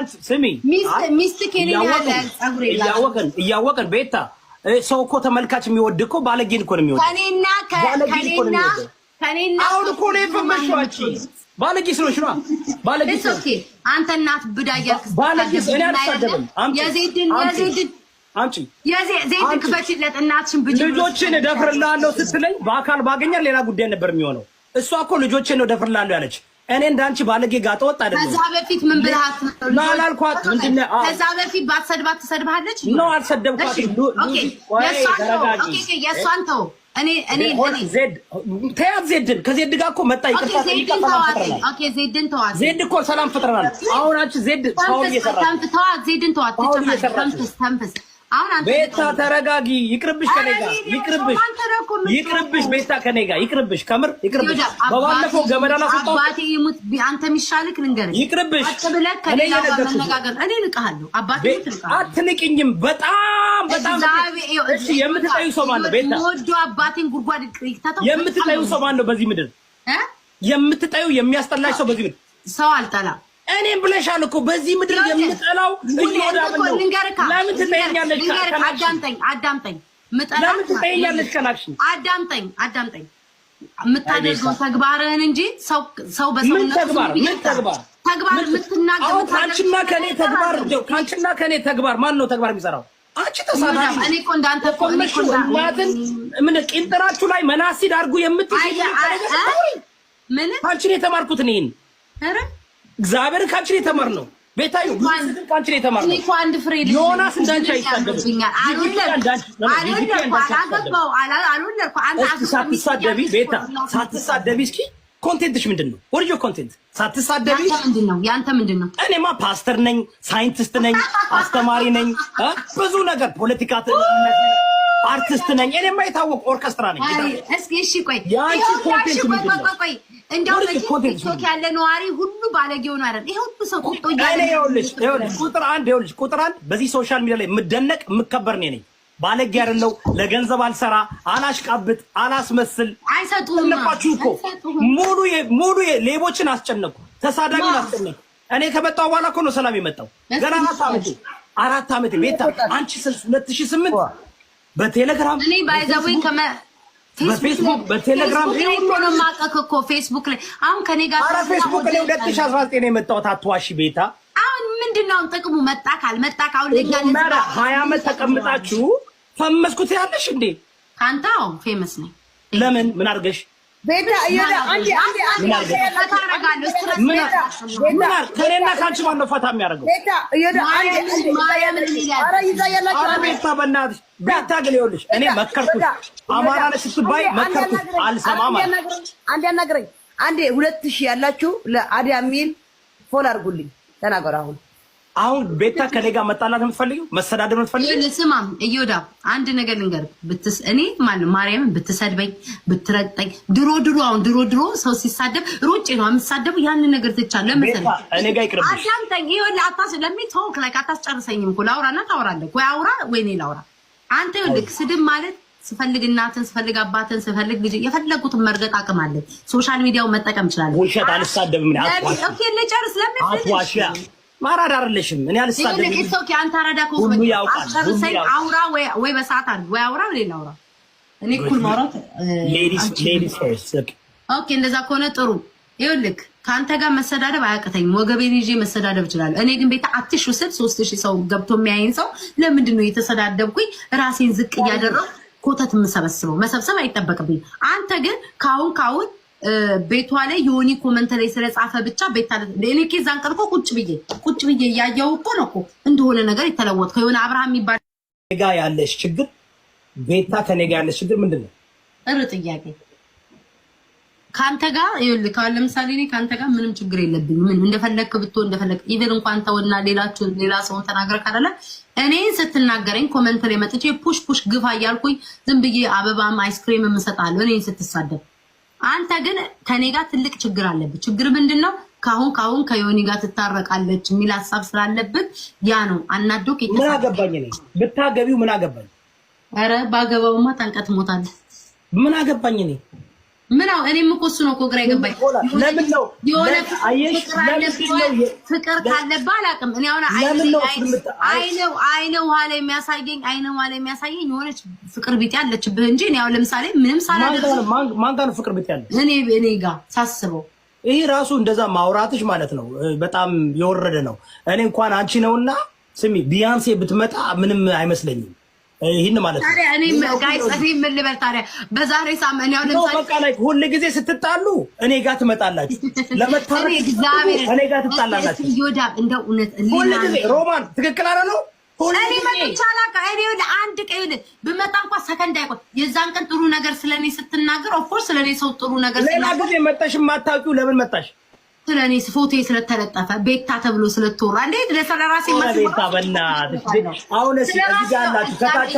እንኳን ስሚ ሚስት ሚስት ከኔ ያለ እያወቅን እያወቅን ቤታ ሰው እኮ ተመልካች የሚወድ እኮ ባለጌን እኮ ነው የሚወድ። ከኔና ከኔና ከኔና አሁን እኮ ነው የፈመሽዋቺ ባለጌ ስለሽ ነው ባለጌ ስለሽ አንተ እናት ብዳያክ ያልክ ባለጌ እኔ አልሳደብም። የዜድን የዜድን አንቺ የዜድ ክፈችለት እናትሽን ብጭ ልጆችን እደፍርልሃለሁ ስትለኝ በአካል ባገኛል ሌላ ጉዳይ ነበር የሚሆነው። እሷ እኮ ልጆችን ነው እደፍርልሃለሁ ያለች እኔ እንዳንቺ ባለጌ ጋጠ ወጥ አይደለም። ከዛ በፊት ምን ብለሃት ነው አላልኳት? ምንድን ነው ከዛ በፊት ባትሰድባት ትሰድብሃለች ነው? አልሰደብኳትም። ተው። ተያት ዜድን። ከዜድ ጋር እኮ መጣ ይቅርታ ዜድ እኮ ሰላም ፈጥረናል። አሁን አንቺ ዜድ ተዋት፣ ዜድን ተንፍስ ተንፍስ ቤታ ተረጋጊ። ይቅርብሽ፣ ከኔ ጋር ይቅርብሽ፣ ይቅርብሽ ቤታ፣ ከኔ ጋር ይቅርብሽ፣ ከምር ይቅርብሽ። በባለፈው ገመድ አባቴ ይሙት አንተ የሚሻልክ ልንገርህ፣ ይቅርብሽ። እኔ መነጋገር እኔ ልቀሃለሁ። አባቴ አትንቅኝም። በጣም በጣም የምትጠዩ ሰው ቤታ ወዶ አባቴን ጉድጓድ የምትጠዩ ሰው በዚህ ምድር? የምትጠዩ የሚያስጠላሽ ሰው በዚህ ምድር ሰው አልጠላም። እኔም ብለሻል እኮ በዚህ ምድር የምጠላው የምታደርገው ተግባርህን እንጂ ሰው ከአንቺና ከኔ ተግባር ከአንቺና ከኔ ተግባር ማን ነው ተግባር የሚሰራው? አንቺ ምን ቂንጥራችሁ ላይ መናሲድ አድርጉ የምትይ ምን የተማርኩት እኔን ኧረ እግዚአብሔር ካንቺ ነው የተማርነው። ቤታዩ ካንቺ ነው የተማርነው። ዮናስ እንዳንቺ አይሳደብብኛል። ሳትሳደቢ ቤታ ሳትሳደቢ እስኪ ኮንቴንትሽ ምንድን ነው? ወርጆ ኮንቴንት ሳትሳደቢ ምንድን ነው? ያንተ ምንድን ነው? እኔማ ፓስተር ነኝ፣ ሳይንቲስት ነኝ፣ አስተማሪ ነኝ፣ ብዙ ነገር ፖለቲካ አርቲስት ነኝ። እኔ የማይታወቅ ኦርኬስትራ ነኝ። እስኪ እሺ፣ ቆይ ያቺ ኮንቴንት ቆይ ቆይ ቆይ፣ እንደው ቲክቶክ ያለ ነዋሪ ሁሉ ባለጌው ነው አይደል? ይሄ ሁሉ ሰው ቁጦ እያለ ይኸውልሽ፣ ይኸውልሽ፣ ቁጥር አንድ ይኸውልሽ፣ ቁጥር አንድ በዚህ ሶሻል ሚዲያ ላይ የምደነቅ የምከበር እኔ ነኝ። ባለጌ አይደለው። ለገንዘብ አልሰራ፣ አላሽቃብጥ፣ አላስመስል። አይሰጡም እኮ ሙሉ ሙሉ ሌቦችን አስጨነቁ፣ ተሳዳቢን አስጨነቁ። እኔ ከመጣሁ በኋላ እኮ ነው ሰላም የመጣው። ገና አራት ዓመት አራት ዓመት ቤታ አንቺ ስልስ 2008 በቴሌግራም እኔ ባይዘዌ ከመ በፌስቡክ በቴሌግራም ነው ማቀክ እኮ ፌስቡክ ላይ አሁን ከኔ ጋር አረ ፌስቡክ ላይ 2019 ነው የመጣሁት። አትዋሺ ቤታ። አሁን ምንድን ነው አሁን ጥቅሙ? መጣ ካልመጣ አሁን ለኛ ለዛ 20 አመት ተቀምጣችሁ ፈመስኩት ያለሽ እንዴ? ካንታው ፌመስ ነኝ። ለምን ምን አድርገሽ ቤታ ከእኔና ከአንቺ ማነው ፈታ የሚያደርገው? ቤታ ግን ይኸውልሽ እኔ አማራ ነሽ ስትባይ አልሰማም አንዴ አናግረኝ። አንዴ ሁለት ሺህ ያላችሁ ለአዲያ ሚል ፎል አድርጉልኝ። ተናገሩ አሁን አሁን ቤታ ከኔ ጋር መጣላት የምትፈልጊው መሰዳደር የምትፈልጊው ስማ እዮዳ አንድ ነገር ንገር እኔ ማንም ማርያምን ብትሰድበኝ ብትረጠኝ ድሮ ድሮ አሁን ድሮ ድሮ ሰው ሲሳደብ ሩጭ ነው የምሳደቡ ያን ነገር ትቻ እኔ ጋር አታስ ለሚ ቶክ ላይ አታስጨርሰኝም እኮ ላውራና ታወራለህ ወይ አውራ ወይኔ ላውራ አንተ ይኸውልህ ስድብ ማለት ስፈልግ እናትን ስፈልግ አባትን ስፈልግ ልጅ የፈለጉትን መርገጥ አቅም አለ ሶሻል ሚዲያውን መጠቀም ይችላለን ውሸት አልሳደብም ልጨርስ ለምን ማራዳ አይደለሽም። እኔ አልሳደብም። አራዳ አውራ ወይ በሰዓት አንድ ወይ አውራ እኔ እኩል ማውራት ኦኬ። እንደዛ ከሆነ ጥሩ። ይኸውልህ ከአንተ ጋር መሰዳደብ አያቅተኝም። ወገቤን ይዤ መሰዳደብ እችላለሁ። እኔ ግን ቤታ አትሽ ሶስት ሺህ ሰው ገብቶ ሰው ለምንድን ነው የተሰዳደብኩኝ? ራሴን ዝቅ ኮተት የምሰበስበው መሰብሰብ አይጠበቅብኝ። አንተ ግን ካሁን ቤቷ ላይ የሆኒ ኮመንት ላይ ስለጻፈ ብቻ ቤት እኔ ኬዛን ቀርኮ ቁጭ ብዬ ቁጭ ብዬ እያየው እኮ ነው እኮ እንደሆነ ነገር የተለወጥ ከሆነ አብርሃም የሚባል ጋ ያለሽ ችግር ቤታ ከኔ ጋ ያለሽ ችግር ምንድን ነው? እር ጥያቄ ከአንተ ጋር ይኸውልህ፣ ለምሳሌ እኔ ከአንተ ጋር ምንም ችግር የለብኝ። ምን እንደፈለግክ ብትሆን እንደፈለግክ ኢቨን እንኳን ተወና ሌላችሁ ሌላ ሰውን ተናገረ ካላለ እኔን ስትናገረኝ ኮመንት ላይ መጥቼ ፑሽ ፑሽ ግፋ እያልኩኝ ዝም ብዬ አበባም አይስክሬም የምሰጣለሁ እኔን ስትሳደብ አንተ ግን ከኔ ጋር ትልቅ ችግር አለብህ። ችግር ምንድን ነው? ካሁን ካሁን ከዮኒ ጋር ትታረቃለች የሚል ሀሳብ ስላለብህ ያ ነው አናዶ። ምን አገባኝ እኔ ብታገቢው ምን አገባኝ? ኧረ ባገባውማ ጠንቀት ሞታለህ። ምን አገባኝ እኔ ምናው እኔም እኮ እሱ ነው እኮ ግራ የገባኝ። ለምን ነው የሆነ ፍቅር ካለብህ አላውቅም። እኔ አሁን አይነው አይነው ውሃ ላይ የሚያሳየኝ አይነው ውሃ ላይ የሚያሳየኝ የሆነች ፍቅር ቢጤ ያለችብህ እንጂ እኔ አሁን ለምሳሌ ምንም ሳላደርግ ማን ጋር ነው ፍቅር ቢጤ ያለች? እኔ እኔ ጋር ሳስበው ይሄ ራሱ እንደዛ ማውራትሽ ማለት ነው በጣም የወረደ ነው። እኔ እንኳን አንቺ ነውና ስሚ ቢያንሴ ብትመጣ ምንም አይመስለኝም ይህን ማለት ነው። እኔ ጋይስ እኔ ምን ልበል ታዲያ በዛሬ ሳምንት ያው ለምሳሌ በቃ ላይ ሁል ጊዜ ስትጣሉ እኔ ጋር ትመጣላችሁ፣ ለመታረቅ እኔ ጋር ትጣላላችሁ። ይወዳ እንደው እውነት ሁል ጊዜ ሮማን ትክክል አለ ነው። እኔ መጥቼ አላውቅም። እኔ ወደ አንድ ቀን ብመጣ እንኳን ሰከንድ አይቆይ። የዛን ቀን ጥሩ ነገር ስለኔ ስትናገር ኦፍ ኮርስ ስለኔ ሰው ጥሩ ነገር ሌላ ጊዜ መጣሽ የማታውቂው ለምን መጣሽ ስለ እኔ ፎቶ ስለተለጠፈ ቤታ ተብሎ ስለተወራ እንዴት ለሰራራሴ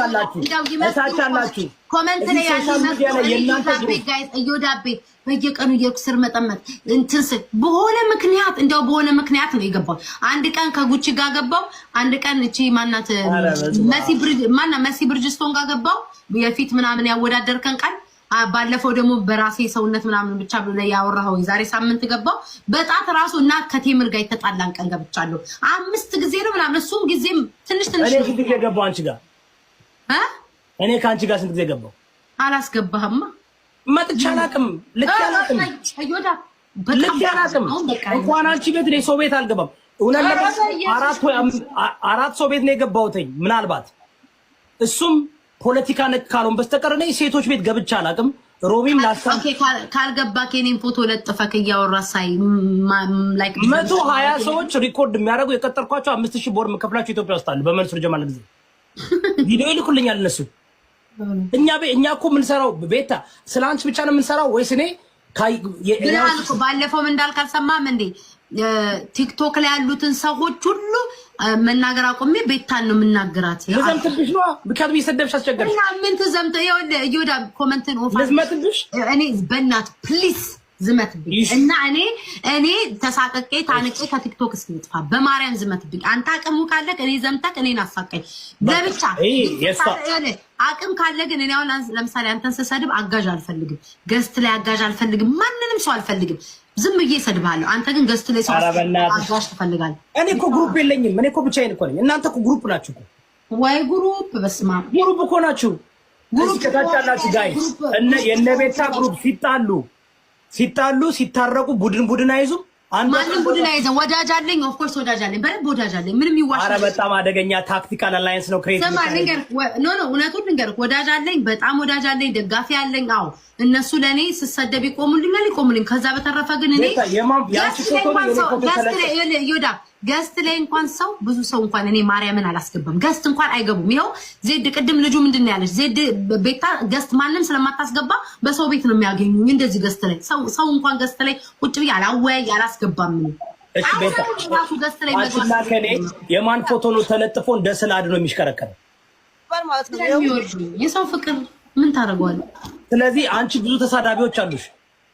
አላችሁ ኮመንት ላይ እዮዳቤ በየቀኑ እየሄድኩ ስር መጠመጥ እንትን ስል በሆነ ምክንያት እንደው በሆነ ምክንያት ነው የገባው። አንድ ቀን ከጉቺ ጋር ገባው። አንድ ቀን እቺ ማናት መሲ ብርጅ ብርጅ ማና መሲ ስቶን ጋር ገባው። የፊት ምናምን ያወዳደርከን ቃል ባለፈው ደግሞ በራሴ ሰውነት ምናምን ብቻ ብለህ ያወራኸው የዛሬ ሳምንት ገባው በጣት ራሱ እና ከቴምር ጋር የተጣላን ቀን ገብቻለሁ። አምስት ጊዜ ነው ምናምን እሱም ጊዜ ትንሽ ትንሽ ስንት ጊዜ ገባው አንቺ ጋር እኔ ከአንቺ ጋር ስንት ጊዜ ገባው? አላስገባህማ። መጥቼ አላውቅም። ልክ አላውቅም። ልክ አላውቅም። እንኳን አንቺ ቤት እኔ ሰው ቤት አልገባም። እውነት ለአራት ሰው ቤት ነው የገባሁትኝ ምናልባት እሱም ፖለቲካ ነክ ካልሆን በስተቀር እኔ ሴቶች ቤት ገብቼ አላውቅም። ሮቢም ላሳ ካልገባ ፎቶ ለጥፈክ እያወራ ሳይ መቶ ሀያ ሰዎች ሪኮርድ የሚያደርጉ የቀጠርኳቸው አምስት ሺህ ቦር የምከፍላቸው ኢትዮጵያ ውስጥ አሉ። በመንሱር ጀማል ጊዜ ቪዲዮ ይልኩልኛል እነሱ። እኛ እኛ እኮ የምንሰራው ቤታ ስለ አንቺ ብቻ ነው የምንሰራው ወይስ እኔ ባለፈውም እንዳልክ አልሰማም እንዴ? ቲክቶክ ላይ ያሉትን ሰዎች ሁሉ መናገር አቁሜ ቤታን ነው የምናገራት። ልዘምትብሽ ነዋ። ምክንያቱም እየሰደብሽ አስቸገርሽ። ምን ትዘምት? ይሁዳ ኮመንትን ልዝመትብሽ? እኔ በእናት ፕሊስ ዝመትብኝ እና እኔ እኔ ተሳቀቄ ታንቄ ከቲክቶክ እስክንጥፋ በማርያም ዝመትብኝ። አንተ አቅሙ ካለ እኔ ዘምተክ እኔን አሳቀኝ ለብቻ አቅም ካለ ግን እኔ አሁን ለምሳሌ አንተን ስሰድብ አጋዥ አልፈልግም። ገዝት ላይ አጋዥ አልፈልግም። ማንንም ሰው አልፈልግም። ዝም ብዬ እሰድብሃለሁ። አንተ ግን ገዝት ላይ ሰው አጋሽ ትፈልጋለህ። እኔ እኮ ግሩፕ የለኝም። እኔ እኮ ብቻዬን እኮ ነኝ። እናንተ እኮ ግሩፕ ናችሁ። ወይ ግሩፕ በስማ ግሩፕ እኮ ናችሁ። ግሩፕ ከታቻላችሁ ጋይ እነ የነ ቤታ ግሩፕ ሲጣሉ ሲጣሉ ሲታረቁ ቡድን ቡድን አይዙም። ማንም ቡድን አይዘን ወዳጅ አለኝ። ኦፍኮርስ ወዳጅ አለኝ፣ በደንብ ወዳጅ አለኝ። ምንም ይዋሽ። ኧረ በጣም አደገኛ ታክቲካል አላይንስ ነው። ክሬት ኖ ኖ፣ እውነቱን ልንገርህ፣ ወዳጅ አለኝ፣ በጣም ወዳጅ አለኝ፣ ደጋፊ አለኝ። አዎ እነሱ ለእኔ ስሰደብ ይቆሙልኛል ይቆሙልኝ። ከዛ በተረፈ ግን እኔ ዮዳ ገስት ላይ እንኳን ሰው ብዙ ሰው እንኳን እኔ ማርያምን አላስገባም። ገስት እንኳን አይገቡም። ይኸው ዜድ ቅድም ልጁ ምንድን ነው ያለች ዜድ ቤታ ገስት ማንም ስለማታስገባ በሰው ቤት ነው የሚያገኙኝ። እንደዚህ ገስት ላይ ሰው እንኳን ገስት ላይ ቁጭ ብዬ አላወያይ አላስገባም። የማን ፎቶ ነው ተለጥፎ እንደ ስላድ ነው የሚሽከረከረው? የሰው ፍቅር ምን ታደርገዋለህ? ስለዚህ አንቺ ብዙ ተሳዳቢዎች አሉሽ።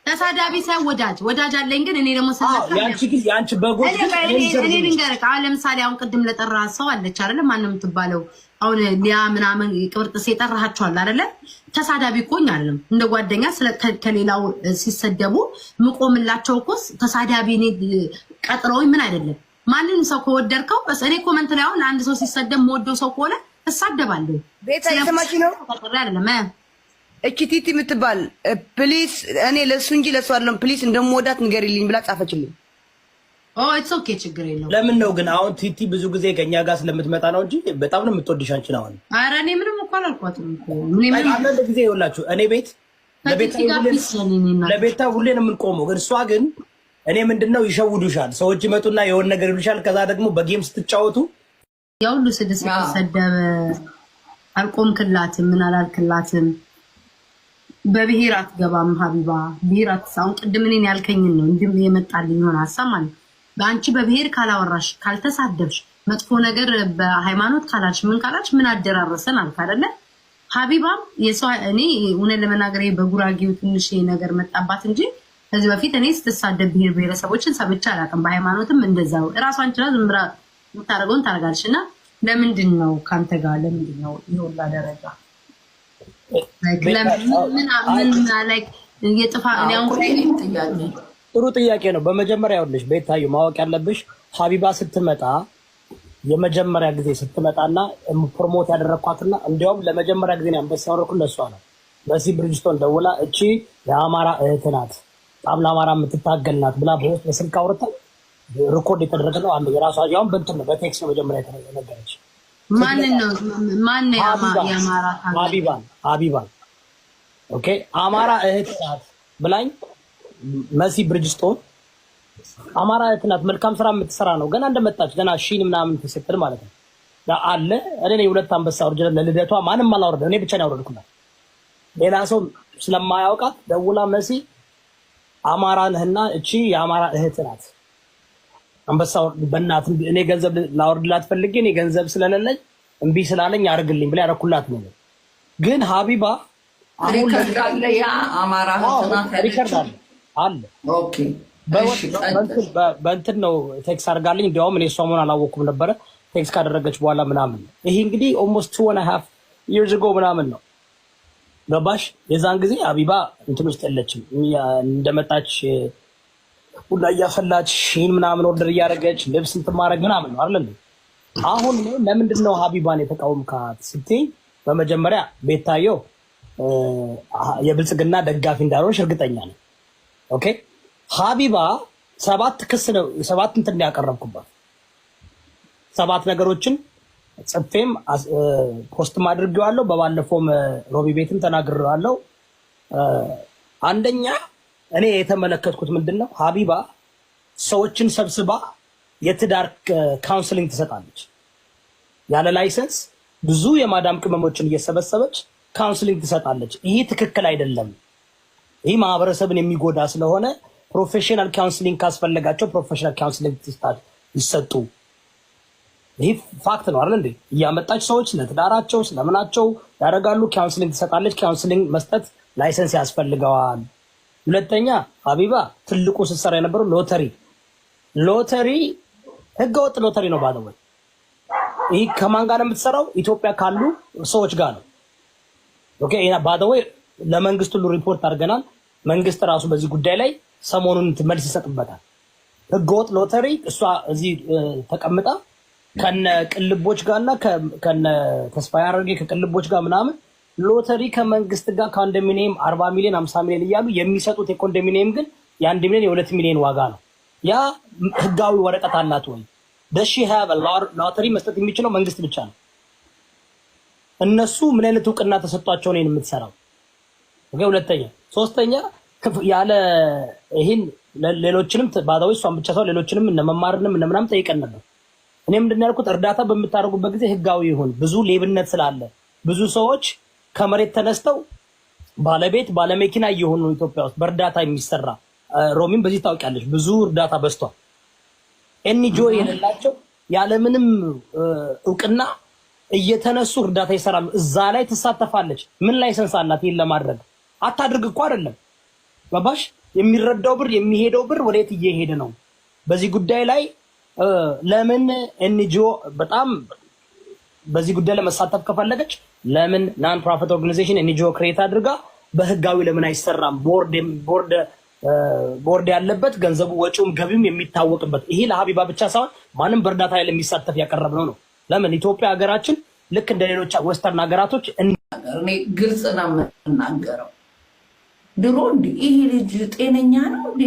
ተሳዳቢ ሳይሆን ወዳጅ ወዳጅ አለኝ። ግን እኔ ደግሞ ሰላያንቺ ግን ያንቺ በጎች እኔ ልንገርህ፣ ለምሳሌ አሁን ቅድም ለጠራ ሰው አለች አይደለ? ማነው የምትባለው? አሁን ሊያ ምናምን ቅብርጥሴ የጠራሃቸዋል አይደለ? ተሳዳቢ እኮኝ አለም እንደ ጓደኛ ከሌላው ሲሰደቡ ምቆምላቸው እኮ ተሳዳቢ እኔ ቀጥረውኝ ምን አይደለም። ማንንም ሰው ከወደድከው እኔ ኮመንት ላይ አሁን አንድ ሰው ሲሰደብ መወደው ሰው ከሆነ እሳደባለሁ። ቤት አይሰማች ነው አይደለም እቺ ቲቲ የምትባል ፕሊስ፣ እኔ ለእሱ እንጂ ለእሱ አይደለም ፕሊስ፣ እንደምወዳት ንገሪልኝ ብላ ጻፈችልኝ። ኢትስ ኦኬ ችግር የለውም። ለምን ነው ግን አሁን ቲቲ ብዙ ጊዜ ከእኛ ጋር ስለምትመጣ ነው እንጂ በጣም ነው የምትወድሽ አንቺን። አሁን ኧረ እኔ ምንም እኮ አላልኳትም። አንዳንድ ጊዜ ይኸውላችሁ እኔ ቤት ለቤታ ሁሌ ነው የምንቆመው። እርሷ ግን እኔ ምንድን ነው ይሸውዱሻል። ሰዎች ይመጡና የሆን ነገር ይሉሻል። ከዛ ደግሞ በጌም ስትጫወቱ ሁሉ ስድስት የተሰደበ አልቆምክላትም፣ ምን አላልክላትም በብሔር አትገባም ሀቢባ ብሔር አትሳሁን ቅድም እኔን ያልከኝን ነው እንድም የመጣልኝ የሆነ ሀሳብ ማለት በአንቺ በብሔር ካላወራሽ ካልተሳደብሽ መጥፎ ነገር በሃይማኖት ካላልሽ ምን ካላልሽ ምን አደራረሰን አልክ አይደለ ሀቢባም እኔ እውነት ለመናገር በጉራጌው ትንሽ ነገር መጣባት እንጂ ከዚህ በፊት እኔ ስትሳደብ ብሔር ብሔረሰቦችን ሰምቼ አላውቅም። በሃይማኖትም እንደዛ ነው። እራሷን ችላ ዝም ብላ የምታደርገውን ታደርጋለች። እና ለምንድን ነው ከአንተ ጋር ለምንድን ነው የወላ ደረጃ ጥሩ ጥያቄ ነው። በመጀመሪያ ይኸውልሽ ቤታዩ ማወቅ ያለብሽ ሀቢባ ስትመጣ የመጀመሪያ ጊዜ ስትመጣና ፕሮሞት ያደረግኳትና እንዲያውም ለመጀመሪያ ጊዜ አንበሳ ያወረኩ ለእሷ ነው። በዚህ ብርጅስቶን ደውላ እቺ የአማራ እህት ናት፣ በጣም ለአማራ የምትታገል ናት ብላ በውስጥ በስልክ አውርታ ሪኮርድ የተደረገ ነው። አንድ የራሷ ያውም በእንትን ነው በቴክስት ነው መጀመሪያ ነገረች። ማንን ሀቢባን ኦኬ፣ አማራ እህት ናት ብላኝ መሲ ብርጅስቶን አማራ እህት ናት፣ መልካም ስራ የምትሰራ ነው። ገና እንደመጣች ገና ሺን ምናምን ተሰጥል ማለት ነው አለ። እኔ ሁለት አንበሳ ኦሪጅናል ለልደቷ ማንም አላወረደ፣ እኔ ብቻ ያወረድኩላት። ሌላ ሰው ስለማያውቃት ደውላ መሲ አማራ ነህና እቺ የአማራ እህት ናት አንበሳ በእናት እኔ ገንዘብ ላወርድላት ፈልጌ እኔ ገንዘብ ስለሌለኝ እምቢ ስላለኝ አርግልኝ ብላ ያረኩላት ነው። ግን ሀቢባ ሪከርድ አለ፣ በእንትን ነው ቴክስ አድርጋለኝ። እንዲያውም እኔ እሷ መሆን ነበረ ቴክስ ካደረገች በኋላ ምናምን። ይሄ እንግዲህ ኦልሞስት ቱ ሀፍ ይርዝ ጎ ምናምን ነው ገባሽ? የዛን ጊዜ ሀቢባ እንትን ውስጥ የለችም እንደመጣች ቡና እያፈላች ሺን ምናምን ኦርደር እያደረገች ልብስ ማድረግ ምናምን ነው አለ። አሁን ለምንድን ነው ሀቢባን የተቃወምካት ስትይ፣ በመጀመሪያ ቤታየው የብልጽግና ደጋፊ እንዳልሆነች እርግጠኛ ነው። ኦኬ ሀቢባ ሰባት ክስ ነው ሰባት እንትን ያቀረብኩባት ሰባት ነገሮችን ጽፌም ፖስትም አድርጌዋለሁ። በባለፈውም ሮቢ ቤትም ተናግሬዋለሁ። አንደኛ እኔ የተመለከትኩት ምንድን ነው፣ ሀቢባ ሰዎችን ሰብስባ የትዳር ካውንስሊንግ ትሰጣለች። ያለ ላይሰንስ ብዙ የማዳም ቅመሞችን እየሰበሰበች ካውንስሊንግ ትሰጣለች። ይህ ትክክል አይደለም። ይህ ማህበረሰብን የሚጎዳ ስለሆነ ፕሮፌሽናል ካውንስሊንግ ካስፈለጋቸው ፕሮፌሽናል ካውንስሊንግ ይሰጡ። ይህ ፋክት ነው አለ እንዴ? እያመጣች ሰዎች ለትዳራቸው ስለምናቸው ያደርጋሉ። ካውንስሊንግ ትሰጣለች። ካውንስሊንግ መስጠት ላይሰንስ ያስፈልገዋል። ሁለተኛ ሀቢባ ትልቁ ስትሰራ የነበረው ሎተሪ ሎተሪ ህገ ወጥ ሎተሪ ነው ባለወይ ይህ ከማን ጋር ነው የምትሰራው? ኢትዮጵያ ካሉ ሰዎች ጋር ነው። ኦኬ ለመንግስት ሁሉ ሪፖርት አድርገናል። መንግስት ራሱ በዚህ ጉዳይ ላይ ሰሞኑን መልስ ይሰጥበታል። ህገ ወጥ ሎተሪ እሷ እዚህ ተቀምጣ ከነ ቅልቦች ጋርና ከነ ተስፋ አድርጌ ከቅልቦች ጋር ምናምን ሎተሪ ከመንግስት ጋር ኮንዶሚኒየም አርባ ሚሊዮን አምሳ ሚሊዮን እያሉ የሚሰጡት የኮንዶሚኒየም ግን የአንድ ሚሊዮን የሁለት ሚሊዮን ዋጋ ነው። ያ ህጋዊ ወረቀት አላት ወይ? ደሺ ሎተሪ መስጠት የሚችለው መንግስት ብቻ ነው። እነሱ ምን አይነት እውቅና ተሰጧቸው ነው የምትሰራው? ሁለተኛ ሶስተኛ ያለ ይህን ሌሎችንም ባዛዊ እሷን ብቻ ሰው ሌሎችንም እነመማርንም እነምናም ጠይቀን ነበር። እኔ ምንድን ያልኩት እርዳታ በምታደርጉበት ጊዜ ህጋዊ ይሁን። ብዙ ሌብነት ስላለ ብዙ ሰዎች ከመሬት ተነስተው ባለቤት ባለመኪና እየሆኑ ኢትዮጵያ ውስጥ በእርዳታ የሚሰራ ሮሚን በዚህ ታውቂያለች። ብዙ እርዳታ በዝቷል። ኤንጂኦ የሌላቸው ያለምንም እውቅና እየተነሱ እርዳታ ይሰራሉ። እዛ ላይ ትሳተፋለች። ምን ላይሰንስ አላት? ይህን ለማድረግ አታድርግ እኮ አይደለም ባባሽ። የሚረዳው ብር የሚሄደው ብር ወዴት እየሄደ ነው? በዚህ ጉዳይ ላይ ለምን ኤንጂኦ በጣም በዚህ ጉዳይ ለመሳተፍ ከፈለገች ለምን ናን ፕሮፊት ኦርጋናይዜሽን ኤንጂኦ ክሬት አድርጋ በህጋዊ ለምን አይሰራም? ቦርድ ቦርድ ያለበት ገንዘቡ ወጪውም ገቢውም የሚታወቅበት ይሄ ለሀቢባ ብቻ ሳይሆን ማንም በእርዳታ ላይ ለሚሳተፍ ያቀረብ ነው። ለምን ኢትዮጵያ ሀገራችን ልክ እንደ ሌሎች ወስተርን ሀገራቶች እኔ ግልጽ ነው የምናገረው። ድሮ እንዲ ይሄ ልጅ ጤነኛ ነው እንዲ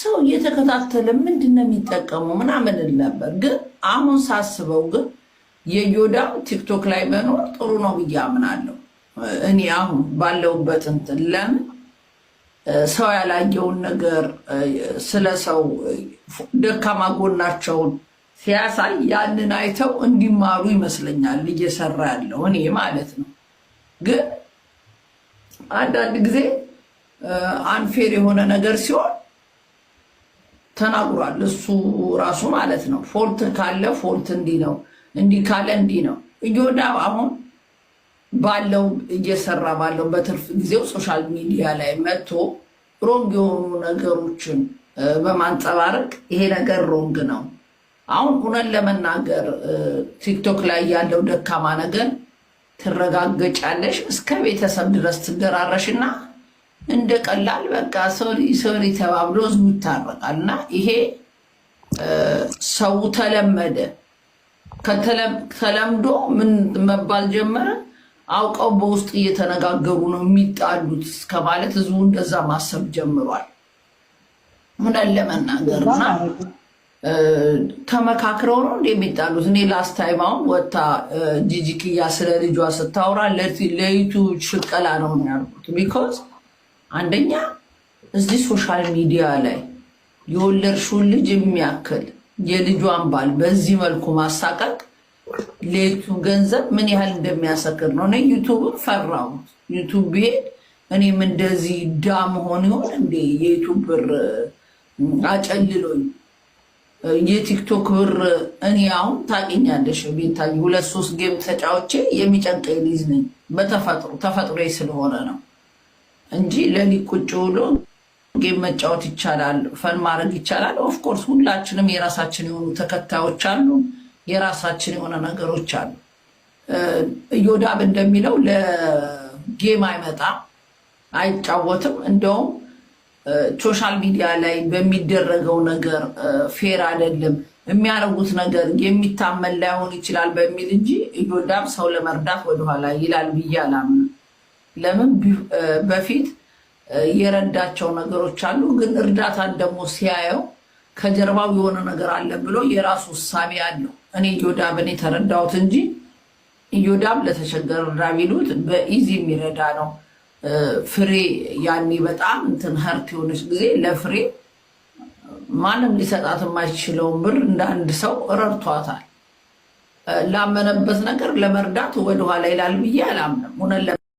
ሰው እየተከታተለ ምንድን ነው የሚጠቀሙ ምናምን ነበር። ግን አሁን ሳስበው ግን የዮዳም ቲክቶክ ላይ መኖር ጥሩ ነው ብዬ አምናለሁ። እኔ አሁን ባለውበት እንትን ለምን ሰው ያላየውን ነገር ስለ ሰው ደካማ ጎናቸውን ሲያሳይ ያንን አይተው እንዲማሩ ይመስለኛል እየሰራ ያለው እኔ ማለት ነው። ግን አንዳንድ ጊዜ አንፌር የሆነ ነገር ሲሆን ተናግሯል እሱ ራሱ ማለት ነው። ፎልት ካለ ፎልት እንዲህ ነው እንዲህ ካለ እንዲህ ነው። እዮዳ አሁን ባለው እየሰራ ባለው በትርፍ ጊዜው ሶሻል ሚዲያ ላይ መጥቶ ሮንግ የሆኑ ነገሮችን በማንጸባረቅ ይሄ ነገር ሮንግ ነው። አሁን እውነት ለመናገር ቲክቶክ ላይ ያለው ደካማ ነገር ትረጋገጫለሽ፣ እስከ ቤተሰብ ድረስ ትደራረሽና እንደ ቀላል በቃ ሶሪ ሶሪ ተባብሎ ይታረቃል እና ይሄ ሰው ተለመደ። ከተለምዶ ምን መባል ጀመረ? አውቀው በውስጥ እየተነጋገሩ ነው የሚጣሉት እስከ ማለት ህዝቡ እንደዛ ማሰብ ጀምሯል። ምን ለመናገርና ተመካክረው ነው እንደ የሚጣሉት። እኔ ላስት ታይም አሁን ወታ ጂጂክያ ስለ ልጇ ስታወራ ለይቱ ሽቀላ ነው ያልኩት። ቢኮዝ አንደኛ እዚህ ሶሻል ሚዲያ ላይ የወለድሽውን ልጅ የሚያክል የልጇን ባል በዚህ መልኩ ማሳቀቅ ሌቱ ገንዘብ ምን ያህል እንደሚያሰክር ነው። እኔ ዩቱብን ፈራሁት። ዩቱብ ብሄድ እኔም እንደዚህ ዳ መሆን ይሆን እንዴ? የዩቱብ ብር አጨልሎኝ የቲክቶክ ብር እኔ አሁን ታውቂኛለሽ ቤታዬ፣ ሁለት ሶስት ጌም ተጫዎቼ የሚጨንቀኝ ልጅ ነኝ በተፈጥሮ ተፈጥሮ ስለሆነ ነው እንጂ ለሊት ቁጭ ብሎ ጌም መጫወት ይቻላል፣ ፈን ማድረግ ይቻላል። ኦፍኮርስ ሁላችንም የራሳችን የሆኑ ተከታዮች አሉ፣ የራሳችን የሆነ ነገሮች አሉ። እዮዳብ እንደሚለው ለጌም አይመጣ አይጫወትም። እንደውም ሶሻል ሚዲያ ላይ በሚደረገው ነገር ፌር አይደለም የሚያደርጉት ነገር የሚታመን ላይሆን ይችላል በሚል እንጂ እዮዳብ ሰው ለመርዳት ወደኋላ ይላል ብዬ አላምንም። ለምን በፊት የረዳቸው ነገሮች አሉ። ግን እርዳታን ደግሞ ሲያየው ከጀርባው የሆነ ነገር አለ ብሎ የራሱ እሳቤ አለው። እኔ ኢዮዳብን ተረዳውት እንጂ ኢዮዳብ ለተቸገረ እርዳ ቢሉት በኢዚ የሚረዳ ነው። ፍሬ ያኔ በጣም እንትን ሀርት የሆነች ጊዜ ለፍሬ ማንም ሊሰጣት የማይችለውን ብር እንደ አንድ ሰው ረድቷታል። ላመነበት ነገር ለመርዳት ወደኋላ ይላል ብዬ አላምንም።